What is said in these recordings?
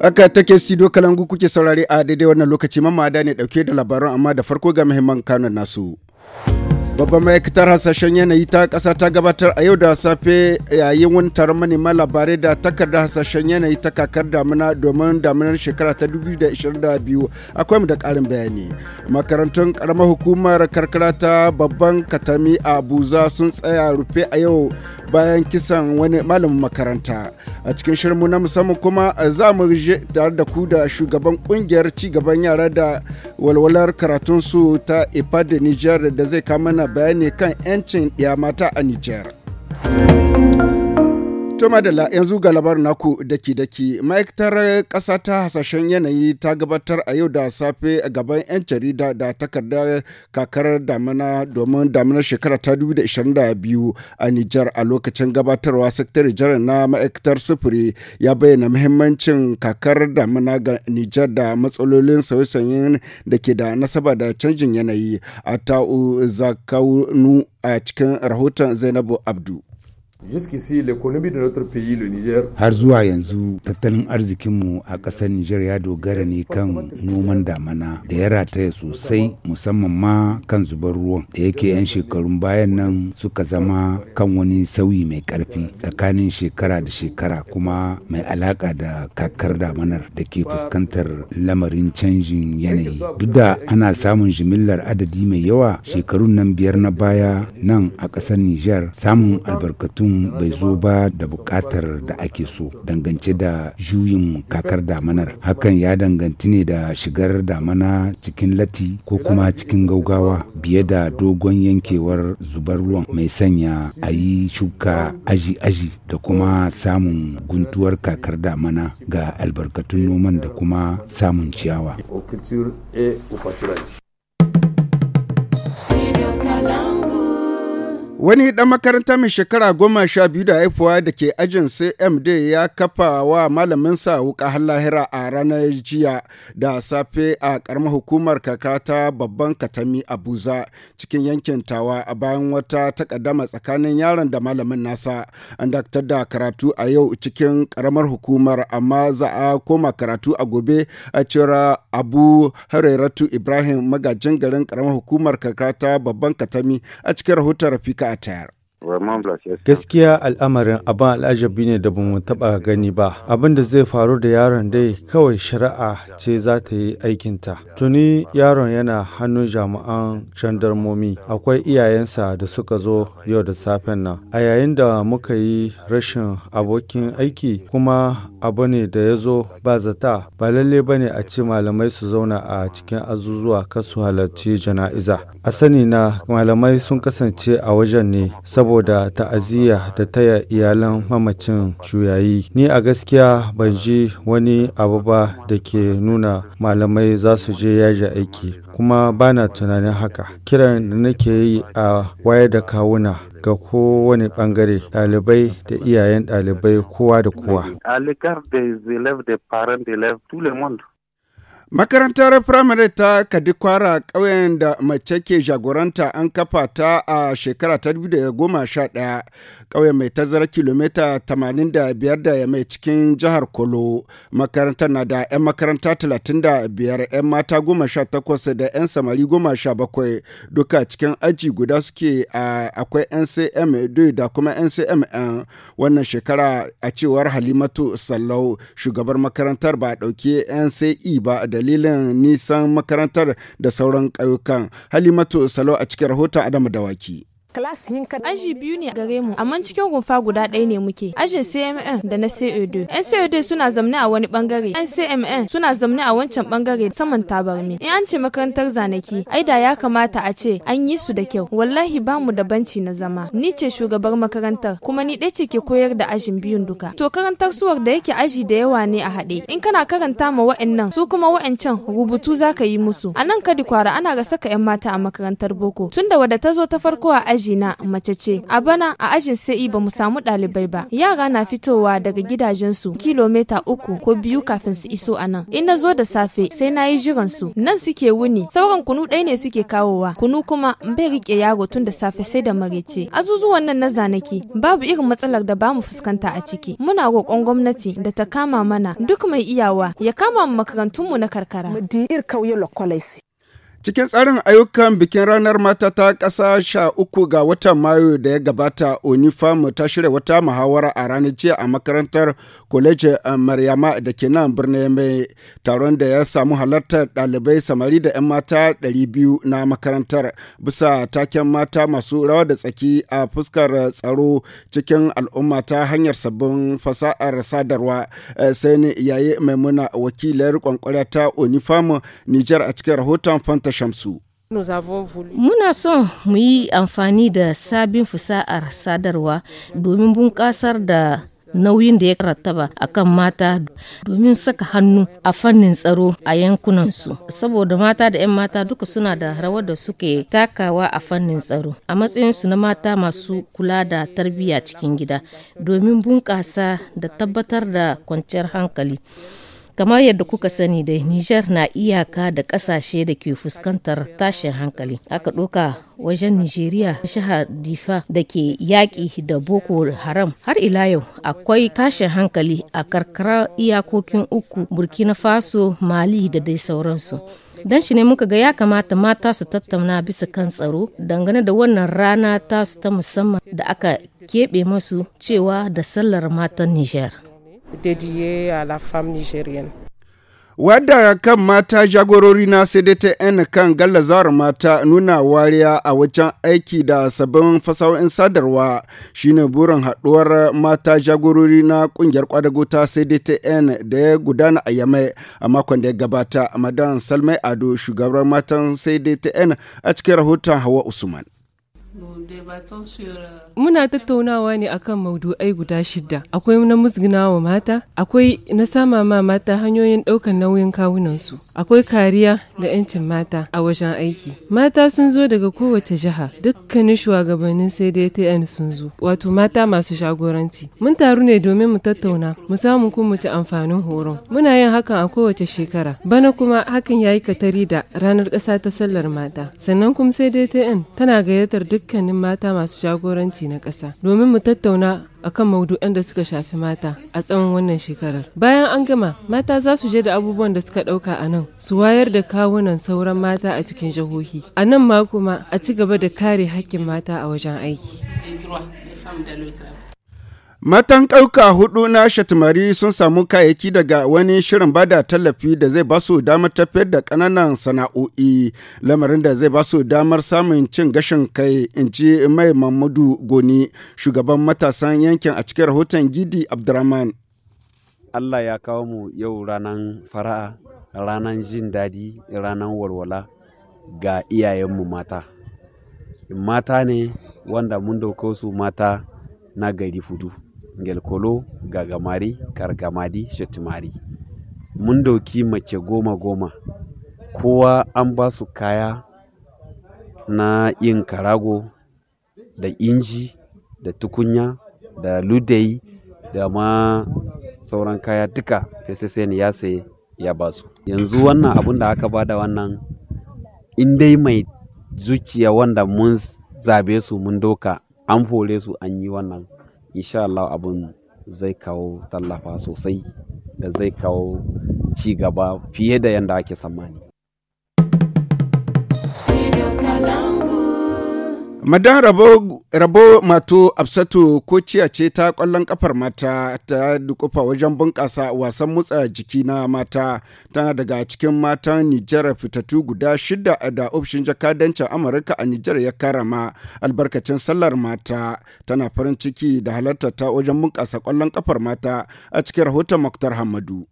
Aka take studio kalangu kuke saurare a daidai wannan lokaci mamada ne dauke da labaran amma da farko ga muhimman kanun nasu. babban ma'aikatar hasashen yanayi ta ƙasa ta gabatar a yau da safe yayin wani taron manema labarai da takardar hasashen yanayi ta kakar damina domin daminar shekara ta 2022 akwai mu da ƙarin bayani makarantun karamar hukumar karkara ta babban katami a abuja sun tsaya rufe a yau bayan kisan wani malamin makaranta a cikin shirinmu na musamman kuma za mu je tare da ku da shugaban kungiyar ci gaban yara da walwalar karatunsu ta ipad niger da zai kama na bayani kan 'yancin ɗiya mata a Nijar. Toma da yanzu ga labarin naku daki-daki ma'aikatar ƙasa ta hasashen yanayi ta gabatar a yau da safe a gaban 'yan jarida da takardar kakar damina domin daminar shekara ta 2022 a Nijar a lokacin gabatarwa sakatare jiran na ma'aikatar sufuri ya bayyana muhimmancin kakar damina ga Nijar da matsalolin sauye-sauyen da ke da nasaba da canjin yanayi a ta'u zakaunu a cikin rahoton Zainabu Abdu. Har zuwa yanzu tattalin arzikinmu a ƙasar Nijar ya dogara ne kan noman damana da ya rataya sosai musamman ma kan zubar ruwan da yake 'yan shekarun bayan nan suka zama kan wani sauyi mai ƙarfi tsakanin shekara da shekara kuma mai alaƙa da kakar damanar da ke fuskantar lamarin canjin yanayi. Duk da ana samun jimillar adadi mai yawa shekarun nan biyar na baya nan a ƙasar Nijar samun albarkatun abun bai zo ba da bukatar da ake so dangance da juyin kakar damanar hakan ya danganti ne da shigar damana cikin lati ko kuma cikin gaugawa biye da dogon yankewar zubar ruwan mai sanya a yi shuka aji-aji da kuma samun guntuwar kakar damana ga albarkatun noman da kuma samun ciyawa Wani ɗan makaranta mai shekara goma sha biyu da haifuwa da ke ajin CMD ya kafa wa malaminsa wuka har lahira a ranar jiya da safe a ƙaramar hukumar kaka ta babban katami Abuja cikin yankin tawa a bayan wata takaddama tsakanin yaron da malamin nasa. An daktar da karatu a yau cikin ƙaramar hukumar amma za a koma karatu a gobe a cira Abu Harairatu Ibrahim magajin garin ƙaramar hukumar kaka ta babban katami a cikin rahoton Rafika Qatar Gaskiya al'amarin abin al'ajabi ne da bamu taba gani ba. Abin da zai faru da yaron dai kawai shari'a ce za ta yi aikinta. Tuni yaron yana hannun jami'an gendarmomi akwai iyayensa da suka zo yau da safen nan. A yayin da muka yi rashin abokin aiki kuma abu ne da ya zo ba zata ba lalle ba ne a ce malamai su zauna a cikin azuzuwa kasu halarci jana'iza. A sani na malamai sun kasance a wajen ne saboda saboda ta'aziyya da taya iyalan mamacin juyayi. Ni a gaskiya ban ji wani abu ba da ke nuna malamai za su je yaji aiki, kuma bana tunanin haka. Kiran da nake yi a wayar da kawuna ga kowane bangare ɗalibai da iyayen ɗalibai kowa da kowa. Makarantar firamare ta Kadikwara ƙauyen da mace ke jagoranta an kafa ta a shekara ta 2011 ƙauyen mai tazarar kilomita 85 da mai cikin jihar Kolo. Makarantar na da 'yan makaranta 35 'yan mata 18 da 'yan samari 17 duka cikin aji guda suke a akwai NCM da kuma ncmn wannan shekara a cewar Halimatu Sallau shugabar makarantar ba ɗauki NCE ba da dalilin nisan makarantar da sauran ƙauyukan. Halimatu Salo a cikin rahoton Adamu Dawaki. Aji biyu ne gare mu, amma cikin rumfa guda ɗaya ne muke. Ajin CMN da na CO2. E yan co e suna zamne a wani bangare, yan CMN suna zamne a wancan bangare saman tabarmi. In an ce makarantar zanaki, ai da ya kamata a ce an yi su da kyau. Wallahi ba mu da banci na zama. Ni ce shugabar makarantar, kuma ni ɗaya ce ke koyar da ajin biyun duka. To karantar suwar da yake aji da yawa ne a haɗe. In kana karanta ma wa'annan, su kuma wa'ancan rubutu za ka yi musu. A nan kadi kwara ana ga saka 'yan mata a makarantar boko. Tunda wadda ta zo ta farko a aji na, mace ce. A bana a ajin sai e ba mu samu ɗalibai ba. Yara na fitowa daga gidajensu kilomita uku ko biyu kafin su iso a nan. In na zo da safe sai na yi jiran su. Nan suke wuni. Sauran kunu ɗaya ne suke kawowa. Kunu kuma bai riƙe yaro tun da safe sai da marece. Azuzuwan nan na zanaki babu irin matsalar da bamu fuskanta a ciki. Muna roƙon gwamnati da ta kama mana duk mai iyawa ya kama makarantunmu na karkara. Cikin tsarin ayyukan bikin ranar mata ta ƙasa sha uku ga watan Mayu da ya gabata Onifam ta shirya wata muhawara a ranar jiya a makarantar kwaleji eh, Maryama da ke nan birnin mai taron da ya samu halartar ɗalibai samari da 'yan mata 200 na makarantar bisa taken mata masu rawa da tsaki a fuskar tsaro cikin al'umma ta hanyar sabbin fasahar sadarwa eh, sai yayi maimuna wakilar kwankwara ta Onifam Nijar a cikin rahoton Fanta Shamsu. Muna son mu yi amfani da sabin fusa'ar sadarwa domin bunƙasar da nauyin da ya rattaba a kan mata domin saka hannu a fannin tsaro a yankunansu saboda mata da 'yan mata duka suna da rawar da suke takawa a fannin tsaro a matsayinsu na mata masu kula da tarbiyya cikin gida domin bunƙasa da tabbatar da kwanciyar hankali Kamar yadda kuka sani da Nijar na iyaka da kasashe da ke fuskantar tashin hankali. Aka doka wajen Nijeriya jihar Difa da ke yaƙi da Boko Haram. Har ila yau akwai tashin hankali a karkara iyakokin uku Burkina Faso, Mali da dai sauransu. don shi ne muka ga ya kamata mata su tattauna bisa kan tsaro dangane da wannan rana tasu ta musamman da aka keɓe masu cewa da sallar matan Nijar. dédié à la femme nigérienne. wadda kan mata jagorori na cdtn kan gallazar mata nuna wariya a wajen aiki da sabbin fasahohin sadarwa shine burin haɗuwar mata jagorori na ƙungiyar kwadago ta cdtn da ya gudana a yamai a makon da ya gabata madan salmai ado shugaban matan cdtn a cikin rahoton hawa usman Muna tattaunawa ne akan maudu'ai guda shidda. Akwai na wa mata, akwai na sama ma mata hanyoyin ɗaukar nauyin kawunansu, akwai kariya da 'yancin mata a wajen aiki. Mata sun zo daga kowace jiha, dukkanin shugabannin CDTN sun zo, wato mata masu shagoranci. Mun taru ne domin mu tattauna, mu samu kun mu ci amfanin horon. Muna yin hakan a kowace shekara, bana kuma hakan ya katari da ranar ƙasa ta sallar mata. Sannan kuma CDTN tana gayyatar duk dukkanin mata masu jagoranci na ƙasa domin mu tattauna a kan maudu'an da suka shafi mata a tsawon wannan shekarar. Bayan an gama, mata za su je da abubuwan da suka ɗauka a nan, su wayar da kawunan sauran mata a cikin jihohi. A nan ma kuma a ci gaba da kare haƙƙin mata a wajen aiki. Matan ƙauka hudu na Shatimari sun samu kayayyaki daga wani shirin bada tallafi da zai basu damar tafiyar da ƙananan sana'o'i, lamarin da zai basu damar samun cin gashin kai, in ji Mai Mamadu Goni, shugaban matasan yankin a cikin rahoton Gidi Abdurrahman. Allah ya kawo mu yau ranar fara'a, ranar jin daɗi, ranar walwala ga iyayenmu mata. Mata ne wanda mun dauko su mata na gari fudu. gelkolo kolo gagamari kargamadi shetimari mun dauki mace goma goma kowa an ba su kaya na yin karago da inji da tukunya da ludayi da ma sauran kaya duka fesesen ya sai ya ba su yanzu wannan abin da aka ba da wannan in mai zuciya wanda mun zabe su mun doka an fore su an yi wannan insha Allah abin zai kawo tallafa sosai da zai kawo ci gaba fiye da yadda ake tsammani. Madan rabo, mato absatu ko ciya ce ta kwallon kafar mata ta dukufa wajen bunƙasa wasan motsa jiki na mata tana daga cikin matan Nijar fitatu guda shida da ofishin jakadancin Amurka a Nijar ya karama albarkacin sallar mata tana farin ciki da halarta ta wajen bunƙasa kwallon kafar mata a cikin rahoton Muktar Hamadu.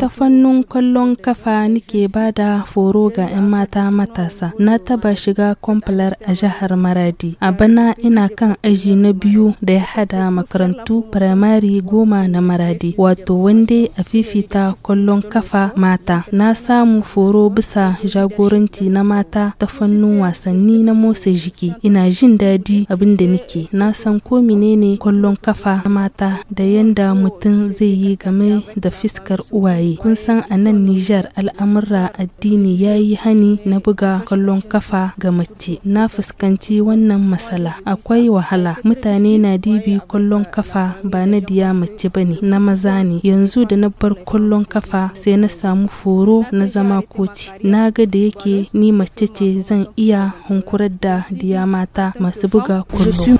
Ta fannin kwallon kafa nike ba da foro ga 'yan mata matasa. Na taba shiga kwamfalar a jihar Maradi. A bana ina kan aji na biyu da ya hada makarantu firamare goma na Maradi. Wato wanda a fifita kwallon kafa mata. Na samu foro bisa jagoranci na mata ta fannin wasanni na motsa jiki. Ina jin daɗi abin da nike. Na san ko menene kwallon kafa mata da yanda mutum zai yi game da fiskar uwaye kun san a nan nijar al'amurra addini ya yi hani na buga kallon kafa ga mace na fuskanci wannan masala akwai wahala mutane na dibi kallon kafa ba na diya mace ba ne na maza ne yanzu da na bar kallon kafa sai na samu foro na zama koci na ga da yake ni mace ce zan iya hunkurar da diya mata masu buga kullum.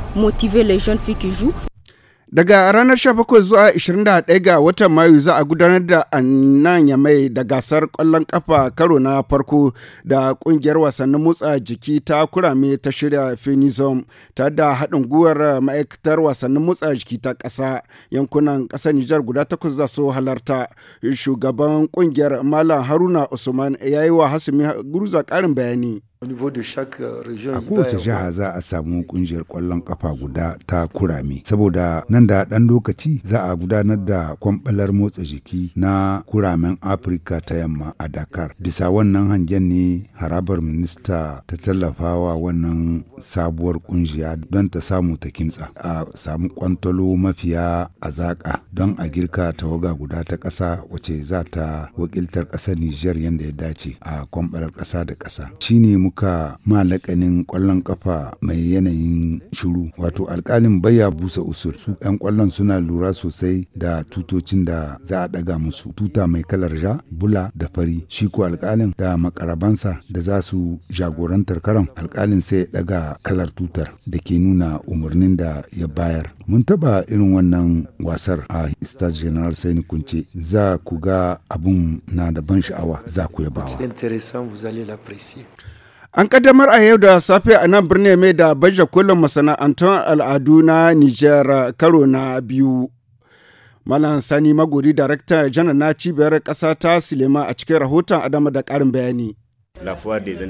Daga ranar 17 zuwa 21 ga watan Mayu za a gudanar da annan ya mai da gasar kwallon kafa karo na farko da ƙungiyar wasannin motsa jiki ta kurame ta shirya Phoenixom ta da haɗin gwiwar ma'aikatar wasannin motsa jiki ta ƙasa yankunan ƙasar Nijar guda takwas za su halarta. Shugaban ƙungiyar Malam Haruna Usman ya yi wa Hasumi Guruza ƙarin bayani. Euh, a kowace jiha za a samu kungiyar kwallon kafa guda ta kurame, saboda nan da ɗan lokaci za a gudanar da kwamɓalar motsa jiki na kuramen Afirka ta yamma a Dakar. Bisa wannan hangen ne harabar minista ta tallafawa wannan sabuwar kungiya don ta samu ta kimtsa. A samu kwantalo mafiya a zaƙa don a girka tawaga guda ta ƙasa wace za ta wakiltar ƙasar Nijar yadda ya dace a kwamɓalar ƙasa da ƙasa. Shine muka malakanin kwallon kafa mai yanayin shiru wato alkalin ya busa usul su 'yan kwallon suna lura sosai da tutocin da za a daga musu tuta mai kalar ja bula da fari shi ko alkalin da makarabansa da za su jagorantar karan alkalin sai ya daga kalar tutar da ke nuna umarnin da ya bayar mun taba irin wannan wasar a stage general sai kunce za ku ga abun na da ban sha'awa za ku ya bawa. An kaddamar a yau da safe a nan birnin mai da baje kolin masana'antun al'adu na Nijar karo na biyu. Malam Sani Magori Darakta janar na cibiyar ƙasa ta Silema a cikin rahoton Adama da ƙarin bayani.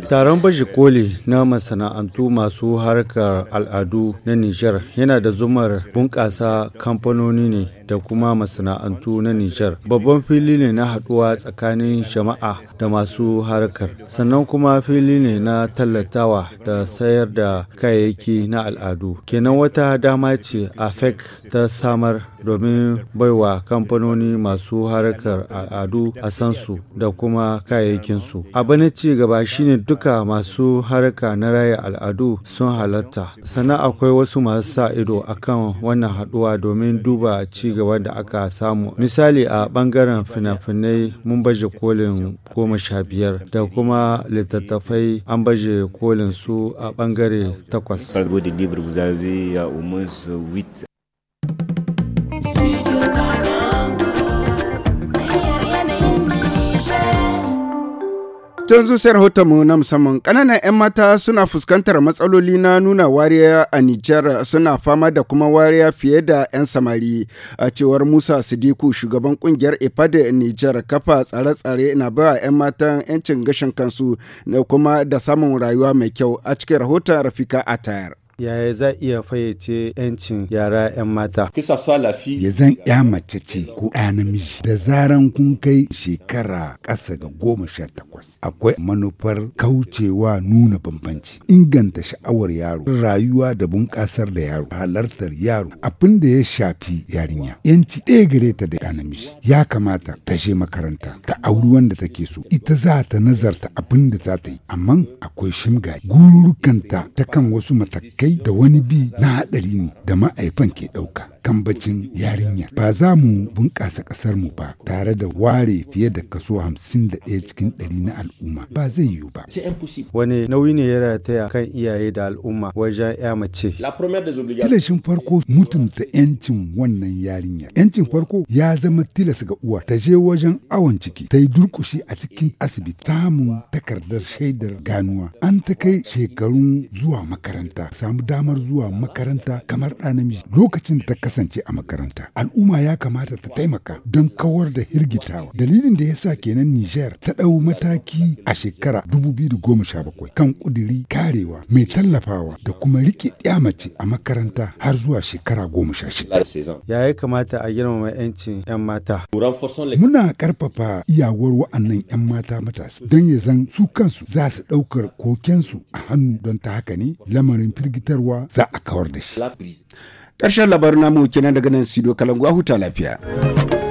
Taron baje koli na masana'antu masu harkar al'adu na Nijar yana da zumar bunƙasa kamfanoni ne da kuma masana'antu na Nijar. Babban fili ne na haɗuwa tsakanin jama'a da masu harkar, sannan kuma fili ne na tallatawa da sayar da kayayyaki na al'adu. Kenan wata dama ce a AFEC ta samar domin baiwa kamfanoni masu harkar al'adu a sansu da kuma kayayyakinsu. Abu na ci gaba shine duka masu harka na raya al'adu sun halatta. Sannan akwai wasu masu sa ido akan wannan haduwa domin duba ci gaba da aka samu. Misali a ɓangaren fina-finai mun baje kolin goma sha biyar da kuma littattafai an baje kolin su a bangare takwas. Tun zuciyar mu na musamman ƙananan 'yan mata suna fuskantar matsaloli na nuna wariya a Nijar suna fama da kuma wariya fiye da 'yan samari. A cewar Musa Sidiku shugaban kungiyar ifade Nijar kafa tsare-tsare na ba 'yan matan 'yancin gashin kansu da kuma da samun rayuwa mai kyau a cikin rahoton Rafika Atayar. yaya za iya fayyace 'yancin yara 'yan mata ya zan ya mace ce ko ɗa namiji da zaran kun kai shekara ƙasa ga goma sha takwas akwai manufar kaucewa nuna bambanci inganta sha'awar yaro rayuwa da bunƙasar da yaro halartar yaro abin da ya shafi yarinya yanci ɗaya gare ta da namiji ya kamata ta je makaranta ta auri wanda take so ita za ta nazarta abin da za ta yi amma akwai shimga gururukanta ta kan wasu matakai kai da wani bi na haɗari ne da ma'aifan ke ɗauka. kambacin yarinya ba za mu bunƙasa ƙasar mu ba tare da ware fiye da kaso hamsin da ɗaya cikin ɗari na al'umma ba zai yiwu ba wani nauyi ne ya rataya kan iyaye da al'umma wajen ya mace tilashin farko mutunta yancin wannan yarinya yancin farko ya zama tilas ga uwa ta je wajen awon ciki ta yi durkushi a cikin asibiti samun takardar shaidar ganuwa an ta kai shekarun zuwa makaranta samu damar zuwa makaranta kamar ɗa namiji lokacin da ta kasance a makaranta. Al'umma ya kamata ta taimaka don kawar da hirgitawa. Dalilin da ya sa kenan Niger ta ɗau mataki a shekara 2017 kan ƙudiri karewa mai tallafawa da kuma riƙe mace a makaranta har zuwa shekara 16. Ya kamata a girmama 'yancin 'yan mata? Muna karfafa iyawar wa'annan 'yan mata matasa don ya zan su kansu za su ɗaukar kokensu a hannu don ta haka ne lamarin firgita fitarwa za a kawar da shi. Ƙarshen labarin namu kenan daga nan Sido Kalangu a huta lafiya.